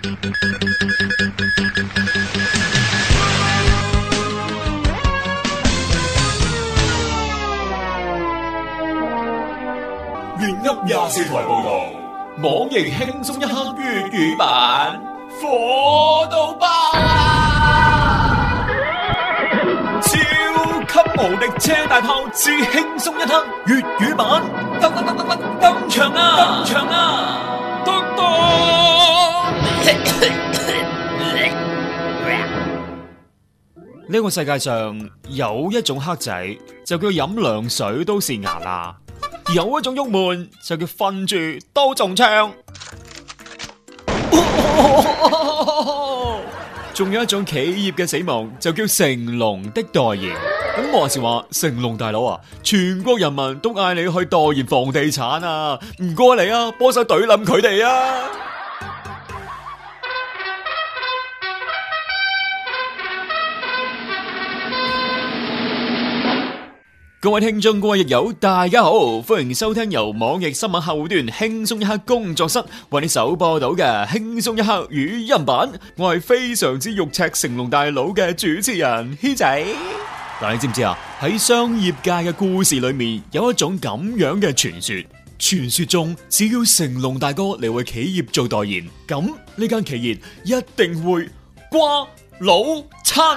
粵音廿四台報道，網易輕鬆一刻粵語版，火到爆啊！ 超級無敵車大炮，至輕鬆一刻粵語版，登登登登登登場啊！登場啊！登登。登呢個世界上有一種黑仔，就叫飲涼水都塞牙啦；有一種鬱悶，就叫瞓住都中槍；仲有、哦哦、有一種企業嘅死亡，就叫成龍的代言。咁話時話，成龍大佬啊，全國人民都嗌你去代言房地產啊，唔該你啊，幫手懟冧佢哋啊！各位聽眾、各位益友，大家好，歡迎收聽由網易新聞客戶端輕鬆一刻工作室為你首播到嘅輕鬆一刻語音版。我係非常之肉赤成龍大佬嘅主持人軒仔。但係你知唔知啊？喺商業界嘅故事裏面，有一種咁樣嘅傳說。傳說中，只要成龍大哥嚟為企業做代言，咁呢間企業一定會掛。老親，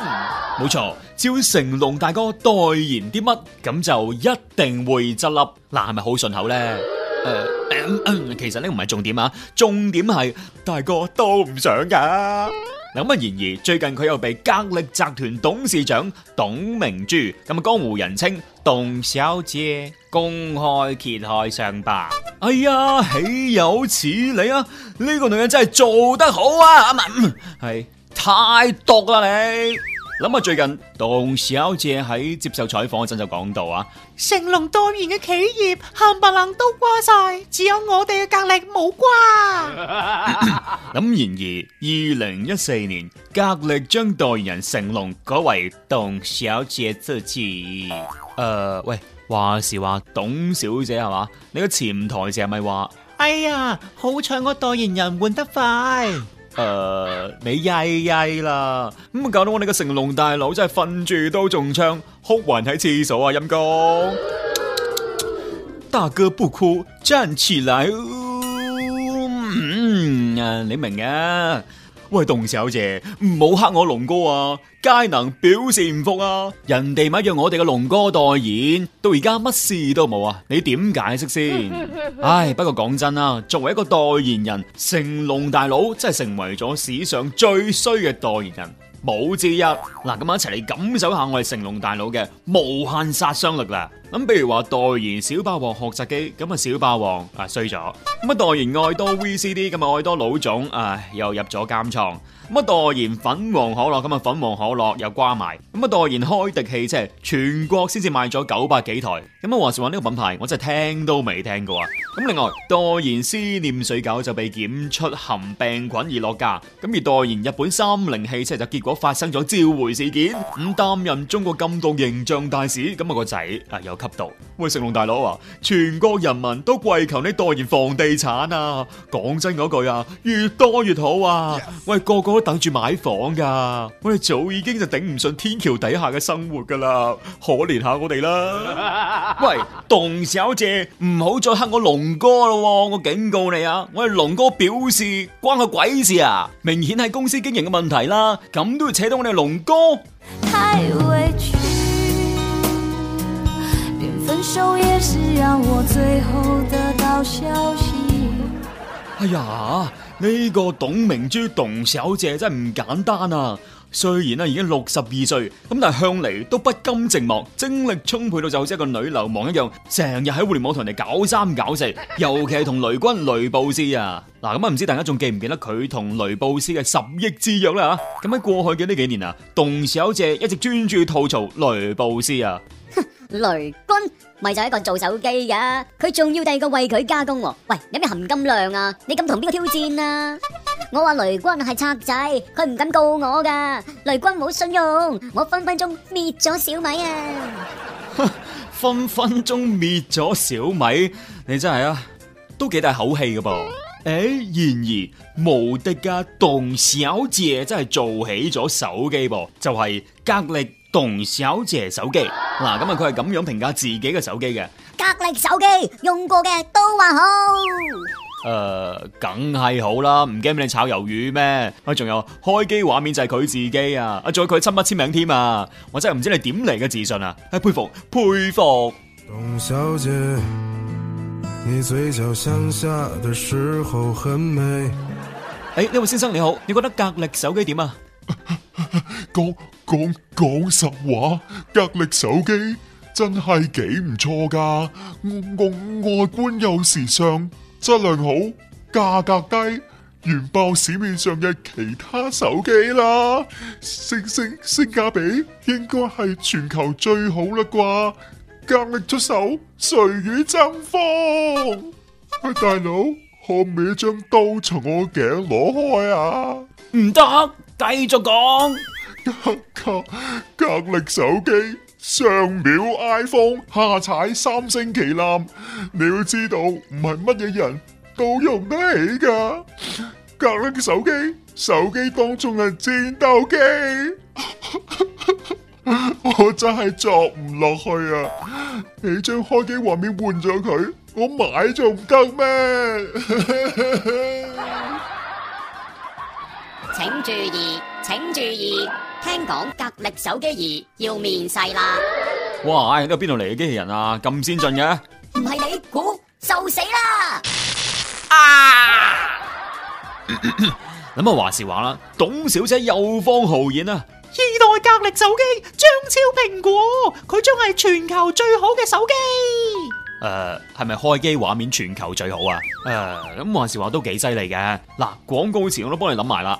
冇錯，照成龍大哥代言啲乜，咁就一定會執笠。嗱，係咪好順口咧？誒，其實呢唔係重點啊，重點係大哥都唔想噶。嗱，咁啊，然而最近佢又被格力集團董事長董明珠，咁啊江湖人稱董小姐公開揭開上吧。哎呀，豈有此理啊！呢個女人真係做得好啊，阿文係。太毒啦你！諗下最近董小姐喺接受採訪嗰陣就講到啊，成龍代言嘅企業冚唪唥都瓜晒，只有我哋嘅格力冇瓜。咁 然而二零一四年，格力將代言人成龍改為董小姐自己。誒、呃，喂，話時話董小姐係嘛？你個潛台詞係咪話？哎呀，好彩我代言人換得快。 誒、uh, 嗯，你曳曳啦，咁啊搞到我哋個成龍大佬真係瞓住都中槍，哭暈喺廁所啊！陰公， 大哥不哭，站起來、哦，嗯，你明啊？喂，動手姐，唔好黑我龍哥啊！佳能表示唔服啊！人哋咪約我哋嘅龍哥代言，到而家乜事都冇啊！你點解釋先？ 唉，不過講真啊，作為一個代言人，成龍大佬真係成為咗史上最衰嘅代言人，冇之一。嗱，咁啊一齊嚟感受下我哋成龍大佬嘅無限殺傷力啦！咁譬如話代言小霸王學習機，咁啊小霸王啊衰咗。咁啊代言愛多 VCD，咁啊愛多老總啊又入咗監倉。咁啊代言粉黃可樂，咁啊粉黃可樂又瓜埋。咁啊代言開迪汽車，全國先至賣咗九百幾台。咁啊話時話呢個品牌我真係聽都未聽過啊。咁另外代言思念水餃就被檢出含病菌而落架。咁而代言日本三菱汽車就結果發生咗召回事件。咁擔任中國禁毒形象大使，咁啊個仔啊又吸毒喂，成龍大佬啊！全國人民都跪求你代言房地產啊！講真嗰句啊，越多越好啊！我哋個個都等住買房噶，我哋早已經就頂唔順天橋底下嘅生活噶啦，可憐下我哋啦！喂，董小姐，唔好再黑我龍哥咯，我警告你啊！我哋龍哥表示關個鬼事啊！明顯係公司經營嘅問題啦，咁都要扯到我哋龍哥？太委屈。哎呀，呢個董明珠董小姐真係唔簡單啊！雖然咧、啊、已經六十二歲，咁但係向嚟都不甘寂寞，精力充沛到就好似一個女流氓一樣，成日喺互聯網同人哋搞三搞四。尤其係同雷軍雷布斯啊，嗱咁啊，唔知大家仲記唔記得佢同雷布斯嘅十億之約咧吓？咁喺過去嘅呢幾年啊，董小姐一直專注吐槽雷布斯啊。雷軍咪就係一個做手機嘅，佢仲要第二個為佢加工。喂，有咩含金量啊？你敢同邊個挑戰啊？我話雷軍係賊仔，佢唔敢告我噶。雷軍冇信用，我分分鐘滅咗小米啊！分分鐘滅咗小米，你真係啊，都幾大口氣嘅噃。誒，然而無敵嘅董小姐真係做起咗手機噃，就係格力。董小姐手機嗱，咁啊佢係咁樣評價自己嘅手機嘅。格力手機用過嘅都話好，誒、呃，梗係好啦，唔驚俾你炒魷魚咩？啊，仲有開機畫面就係佢自己啊，啊，仲有佢親筆簽名添啊，我真係唔知你點嚟嘅自信啊，唉、哎，佩服佩服。董小姐，你嘴角向下嘅時候很美。誒、欸，呢位先生你好，你覺得格力手機點啊？高。 講講實話，格力手機真係幾唔錯噶，外外觀又時尚，質量好，價格低，完爆市面上嘅其他手機啦。性性性價比應該係全球最好啦啩，格力出手，誰與爭鋒？喂，大佬可唔可以將刀從我頸攞開啊？唔得，繼續講。格 格力手機上秒 iPhone 下踩三星旗艦，你要知道唔係乜嘢人都用得起噶。 格力手機，手機當中係戰鬥機， 我真係作唔落去啊！你將開機畫面換咗佢，我買仲唔得咩？ 請注意。請注意，聽講格力手機二要面世啦！哇，呢個邊度嚟嘅機器人啊，咁先進嘅？唔係你，果受死啦！啊！咁啊， 話時話啦，董小姐又放豪言啊，二代格力手機將超蘋果，佢將係全球最好嘅手機。誒、呃，係咪開機畫面全球最好啊？誒、呃，咁、嗯、話時話都幾犀利嘅。嗱、呃，廣告詞我都幫你諗埋啦。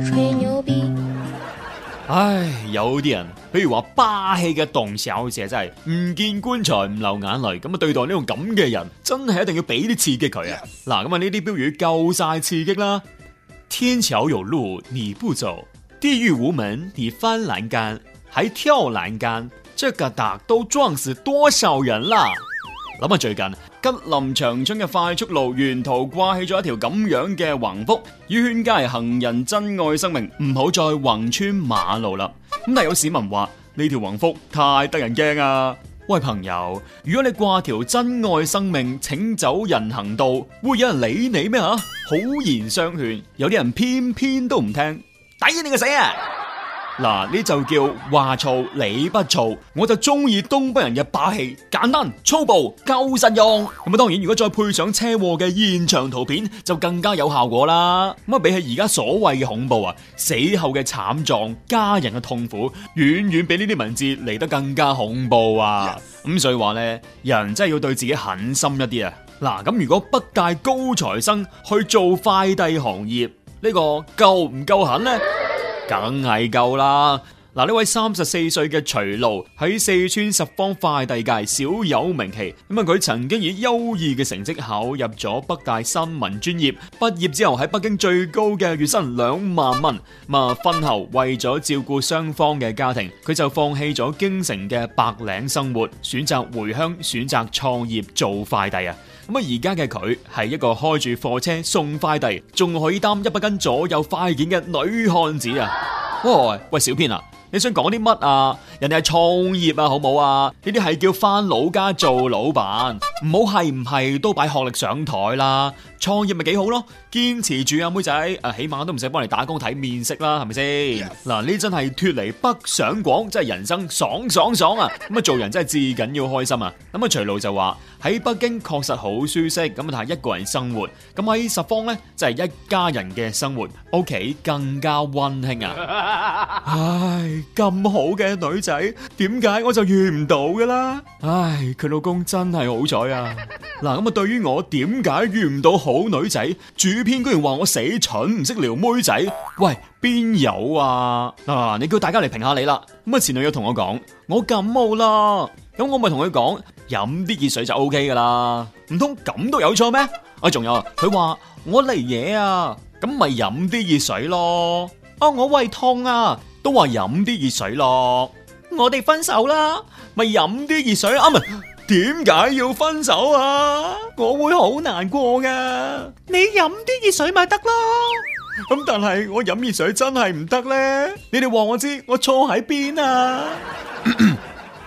唉，有啲人，譬如話霸氣嘅董小姐，真係唔見棺材唔流眼淚，咁啊對待呢種咁嘅人，真係一定要俾啲刺激佢啊！嗱 Yes.、啊，咁啊呢啲標語夠晒刺激啦！天橋有路你不走，地獄無門你翻欄杆，還跳欄杆，這疙瘩都撞死多少人啦？諗下最近。吉林長春嘅快速路沿途掛起咗一條咁樣嘅橫幅，以勸誡行人珍愛生命，唔好再橫穿馬路啦。咁但有市民話呢條橫幅太得人驚啊！喂，朋友，如果你掛條珍愛生命，請走人行道，會有人理你咩吓？好言相勸，有啲人偏偏都唔聽，抵你個死啊！嗱，呢就叫話糙理不糙，我就中意東北人嘅霸氣，簡單粗暴夠實用。咁啊，當然如果再配上車禍嘅現場圖片，就更加有效果啦。咁啊，比起而家所謂嘅恐怖啊，死後嘅慘狀、家人嘅痛苦，遠遠比呢啲文字嚟得更加恐怖啊！咁 Yes. 所以話咧，人真係要對自己狠心一啲啊！嗱，咁如果北大高材生去做快遞行業，呢、這個夠唔夠狠呢？梗係夠啦！嗱，呢位三十四歲嘅徐露喺四川十方快遞界小有名氣，咁啊佢曾經以優異嘅成績考入咗北大新聞專業，畢業之後喺北京最高嘅月薪兩萬蚊。咁啊婚後為咗照顧雙方嘅家庭，佢就放棄咗京城嘅白領生活，選擇回鄉，選擇創業做快遞啊。咁啊而家嘅佢係一個開住貨車送快遞，仲可以擔一百斤左右快件嘅女漢子啊！哇喂，小編啊！你想講啲乜啊？人哋係創業啊，好唔好啊？呢啲係叫翻老家做老闆，唔好係唔係都擺學歷上台啦？創業咪幾好咯？堅持住啊，妹仔！啊，起碼都唔使幫你打工睇面色啦，係咪先？嗱，呢真係脫離北上廣，真係人生爽爽爽啊！咁啊，做人真係至緊要開心啊！咁啊，徐璐就話喺北京確實好舒適，咁但係一個人生活，咁喺十方呢就係一家人嘅生活，屋企更加温馨啊！唉。咁好嘅女仔，點解我就遇唔到噶啦？唉，佢老公真係好彩啊！嗱，咁啊，對於我點解遇唔到好女仔，主編居然話我死蠢唔識撩妹仔，喂，邊有啊？嗱，啊，你叫大家嚟評下你啦。咁啊，前女友同我講，我感冒啦，咁我咪同佢講，飲啲熱水就 OK 噶啦。唔通咁都有錯咩？啊，仲有佢話我嚟嘢啊，咁咪飲啲熱水咯。啊，我胃痛啊！都話飲啲熱水咯。我哋分手啦，咪飲啲熱水啊！唔係，點解要分手啊？我會好難過噶。嗯，你飲啲熱水咪得咯。咁但係我飲熱水真係唔得咧，你哋話我知我錯喺邊啊？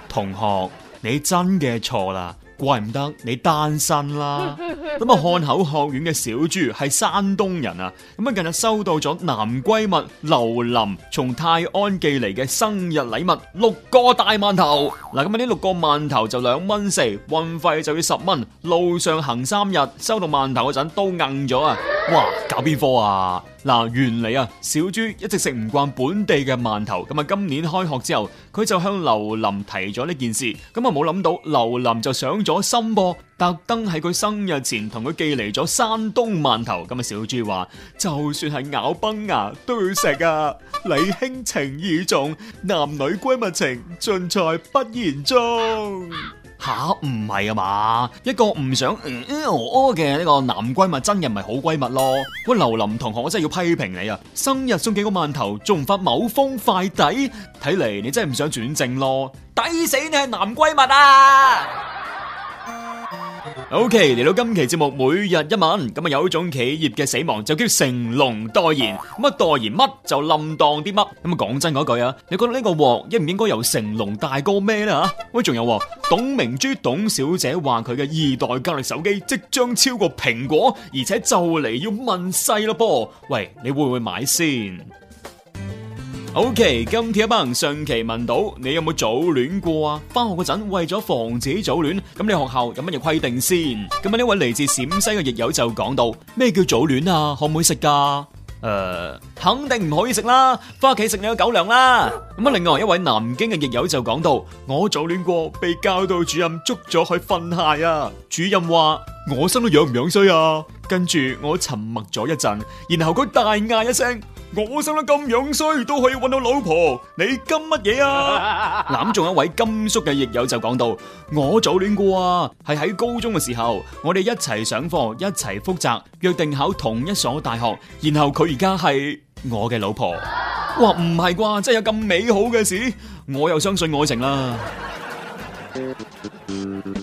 同學，你真嘅錯啦，怪唔得你單身啦。咁啊，漢口學院嘅小豬係山東人啊，咁啊，近日收到咗男閨蜜劉琳從泰安寄嚟嘅生日禮物，六個大饅頭。嗱、啊，咁啊呢六個饅頭就兩蚊四，運費就要十蚊，路上行三日，收到饅頭嗰陣都硬咗啊！哇，搞邊科啊！嗱，原來啊，小豬一直食唔慣本地嘅饅頭，咁啊，今年開學之後，佢就向劉林提咗呢件事，咁啊，冇諗到劉林就上咗心噃，特登喺佢生日前同佢寄嚟咗山東饅頭。咁啊，小豬話就算係咬崩牙都要食啊！禮輕情意重，男女閨蜜情盡在不言中。吓，唔係啊嘛，一個唔想鵝鵝嘅呢個男閨蜜，真係唔係好閨蜜咯。喂，劉琳同學，我真係要批評你啊！生日送幾個饅頭，仲唔發某封快遞？睇嚟你真係唔想轉正咯，抵死你係男閨蜜啊！O K 嚟到今期節目每日一問，咁啊有一種企業嘅死亡就叫成龍代言，乜代言乜就冧當啲乜，咁啊講真嗰句啊，你覺得、這個、應應呢個鑊應唔應該由成龍大哥孭呢？吓？喂，仲有董明珠董小姐話佢嘅二代格力手機即將超過蘋果，而且就嚟要問世咯。噃，喂，你會唔會買先？O K，今天一班人上期問到你有冇早戀過啊？翻學嗰陣為咗防止早戀，咁你學校有乜嘢規定先？咁啊，呢位嚟自陝西嘅益友就講到咩叫早戀啊？可唔可以食㗎？誒，肯定唔可以食啦，翻屋企食你個狗糧啦。咁啊，另外一位南京嘅益友就講到我早戀過，被教導主任捉咗去訓下啊。主任話我心都養唔養衰啊。跟住我沉默咗一陣，然後佢大嗌一聲。我生得咁樣衰都可以揾到老婆，你金乜嘢啊？攬 中一位甘肅嘅益友就講到：我早戀過啊，係喺高中嘅時候，我哋一齊上課，一齊復習，約定考同一所大學，然後佢而家係我嘅老婆。哇，唔係啩？真係有咁美好嘅事？我又相信愛情啦！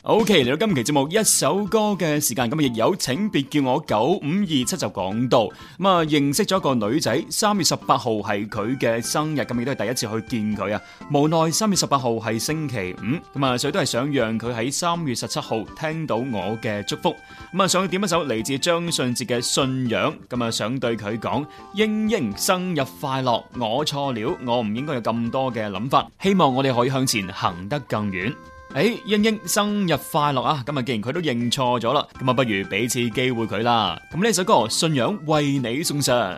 O.K. 嚟到今期節目一首歌嘅時間，咁啊亦有請別叫我九五二七就講到，咁啊認識咗個女仔，三月十八號係佢嘅生日，咁亦都係第一次去見佢啊。無奈三月十八號係星期五，咁啊所以都係想讓佢喺三月十七號聽到我嘅祝福。咁啊想點一首嚟自張信哲嘅信仰，咁啊想對佢講英英生日快樂，我錯了，我唔應該有咁多嘅諗法，希望我哋可以向前行得更遠。誒、欸，英英生日快樂啊！今日既然佢都認錯咗啦，咁啊不如俾次機會佢啦。咁呢首歌《信仰》為你送上。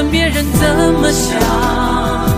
管別人怎麼想。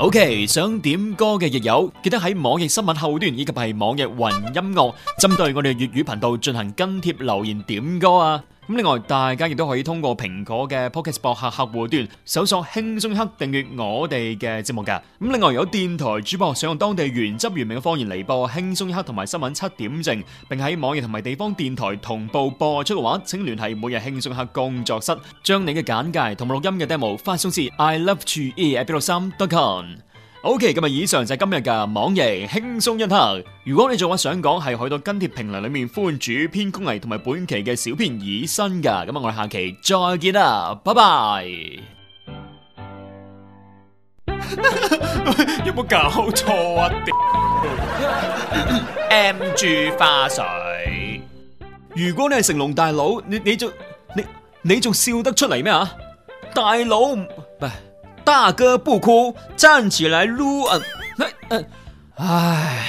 OK，想點歌嘅亦有，記得喺網易新聞後端以及係網易雲音樂，針對我哋粵語頻道進行跟帖留言點歌啊！咁另外，大家亦都可以通過蘋果嘅 Podcast 播客客戶端搜索《輕鬆一刻》訂閱我哋嘅節目㗎。咁另外，有電台主播想用當地原汁原味嘅方言嚟播《輕鬆一刻》同埋新聞七點正，並喺網易同埋地方電台同步播出嘅話，請聯繫每日輕鬆一刻工作室，將你嘅簡介同埋錄音嘅 demo 發送至 iLoveGAEb 六三 dotcom。O K，咁啊以上就係今日嘅網易輕鬆一刻。如果你仲話想講，係喺度跟帖評論裏面，歡迎主編工藝同埋本期嘅小編起身噶。咁啊，我哋下期再見啊，拜拜。有冇搞錯啊，點 M G 花絮？如果你係成龍大佬，你你仲你你仲笑得出嚟咩啊？大佬唔唔。大哥不哭，站起來擼。嗯，那、呃呃、唉。